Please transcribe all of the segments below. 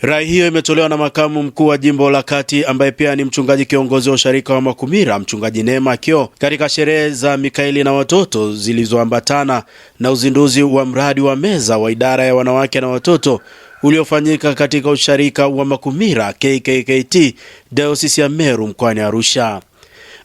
Rai hiyo imetolewa na makamu mkuu wa jimbo la Kati ambaye pia ni mchungaji kiongozi wa usharika wa Makumira, mchungaji Neema Kio, katika sherehe za Mikaeli na watoto zilizoambatana na uzinduzi wa mradi wa meza wa idara ya wanawake na watoto uliofanyika katika usharika wa Makumira KKKT, dayosisi ya Meru mkoani Arusha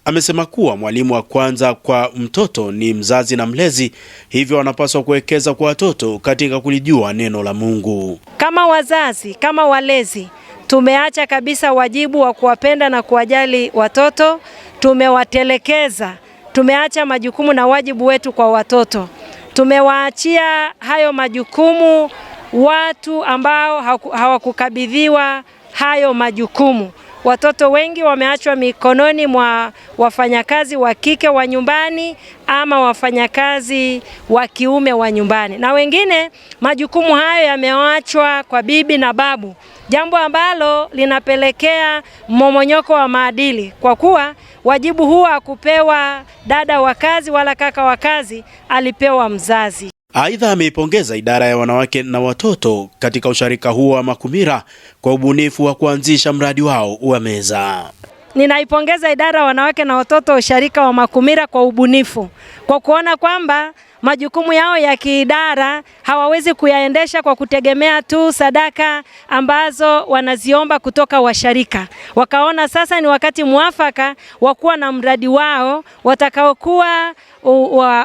amesema kuwa mwalimu wa kwanza kwa mtoto ni mzazi na mlezi, hivyo wanapaswa kuwekeza kwa watoto katika kulijua neno la Mungu. Kama wazazi, kama walezi, tumeacha kabisa wajibu wa kuwapenda na kuwajali watoto, tumewatelekeza, tumeacha majukumu na wajibu wetu kwa watoto, tumewaachia hayo majukumu watu ambao hawakukabidhiwa hayo majukumu. Watoto wengi wameachwa mikononi mwa wafanyakazi wa kike wa nyumbani ama wafanyakazi wa kiume wa nyumbani, na wengine majukumu hayo yameachwa kwa bibi na babu, jambo ambalo linapelekea mmomonyoko wa maadili, kwa kuwa wajibu huo hakupewa dada wa kazi wala kaka wa kazi, alipewa mzazi. Aidha, ameipongeza idara ya wanawake na watoto katika usharika huo wa Makumira kwa ubunifu wa kuanzisha mradi wao wa meza. Ninaipongeza idara ya wanawake na watoto usharika wa Makumira kwa ubunifu kwa kuona kwamba majukumu yao ya kiidara hawawezi kuyaendesha kwa kutegemea tu sadaka ambazo wanaziomba kutoka washarika. Wakaona sasa ni wakati mwafaka wa kuwa na mradi wao watakaokuwa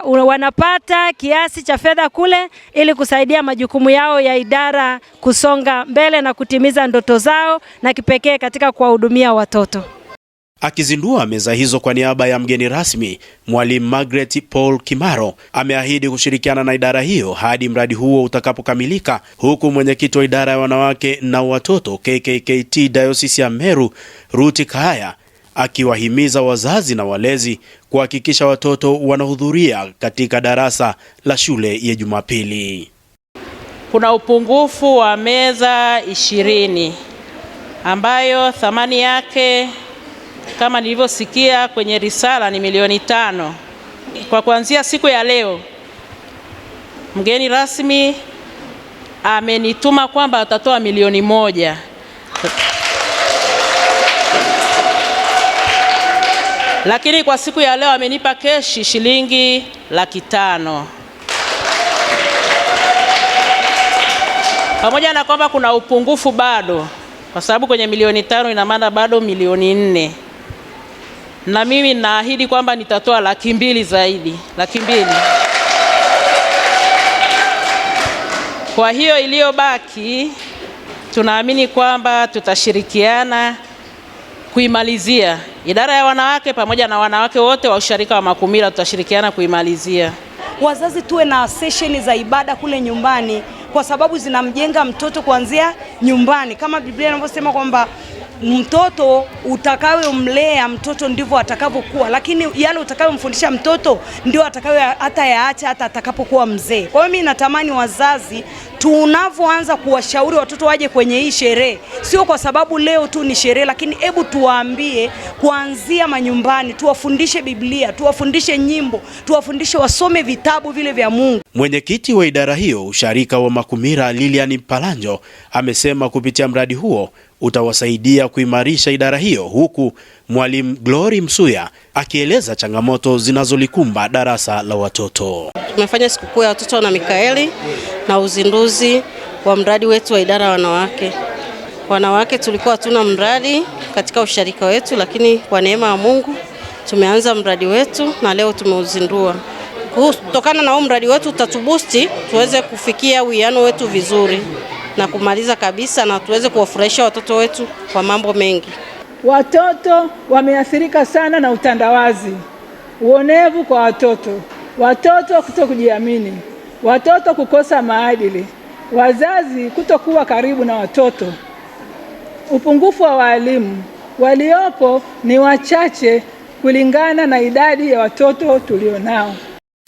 wanapata kiasi cha fedha kule ili kusaidia majukumu yao ya idara kusonga mbele na kutimiza ndoto zao na kipekee katika kuwahudumia watoto. Akizindua meza hizo kwa niaba ya mgeni rasmi, Mwalimu Margaret Paul Kimaro ameahidi kushirikiana na idara hiyo hadi mradi huo utakapokamilika, huku mwenyekiti wa idara ya wanawake na watoto KKKT Dayosisi ya Meru Ruti kaya akiwahimiza wazazi na walezi kuhakikisha watoto wanahudhuria katika darasa la shule ya Jumapili. Kuna upungufu wa meza ishirini ambayo thamani yake kama nilivyosikia kwenye risala ni milioni tano kwa kuanzia siku ya leo. Mgeni rasmi amenituma kwamba atatoa milioni moja. Lakini kwa siku ya leo amenipa keshi shilingi laki tano pamoja na kwamba kuna upungufu bado, kwa sababu kwenye milioni tano ina maana bado milioni nne na mimi naahidi kwamba nitatoa laki mbili zaidi, laki mbili. Kwa hiyo iliyobaki tunaamini kwamba tutashirikiana kuimalizia idara ya wanawake pamoja na wanawake wote wa usharika wa Makumila, tutashirikiana kuimalizia. Wazazi tuwe na sesheni za ibada kule nyumbani, kwa sababu zinamjenga mtoto kuanzia nyumbani, kama Biblia inavyosema kwamba mtoto utakayomlea mtoto ndivyo atakavyokuwa, lakini yale utakayomfundisha mtoto ndio atakayo hata yaacha hata atakapokuwa mzee. Kwa hiyo mimi natamani wazazi tunavyoanza kuwashauri watoto waje kwenye hii sherehe, sio kwa sababu leo tu ni sherehe, lakini hebu tuwaambie kuanzia manyumbani, tuwafundishe Biblia, tuwafundishe nyimbo, tuwafundishe wasome vitabu vile vya Mungu. Mwenyekiti wa idara hiyo usharika wa Makumira Lilian Palanjo amesema kupitia mradi huo utawasaidia kuimarisha idara hiyo, huku mwalimu Glory Msuya akieleza changamoto zinazolikumba darasa la watoto. Tumefanya sikukuu ya watoto na Mikaeli na uzinduzi wa mradi wetu wa idara ya wanawake. Wanawake tulikuwa hatuna mradi katika usharika wetu, lakini kwa neema ya Mungu tumeanza mradi wetu na leo tumeuzindua. Kutokana na huu mradi wetu utatubusti tuweze kufikia uwiano wetu vizuri na kumaliza kabisa, na tuweze kuwafurahisha watoto wetu kwa mambo mengi. Watoto wameathirika sana na utandawazi, uonevu kwa watoto, watoto kuto kujiamini, watoto kukosa maadili, wazazi kutokuwa karibu na watoto, upungufu wa waalimu waliopo ni wachache kulingana na idadi ya watoto tulionao.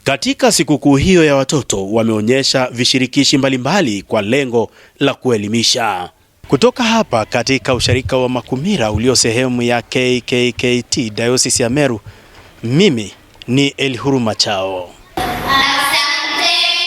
Katika sikukuu hiyo ya watoto wameonyesha vishirikishi mbalimbali kwa lengo la kuelimisha. Kutoka hapa katika usharika wa Makumira ulio sehemu ya KKKT Diocese ya Meru, mimi ni elhuru machao Asante.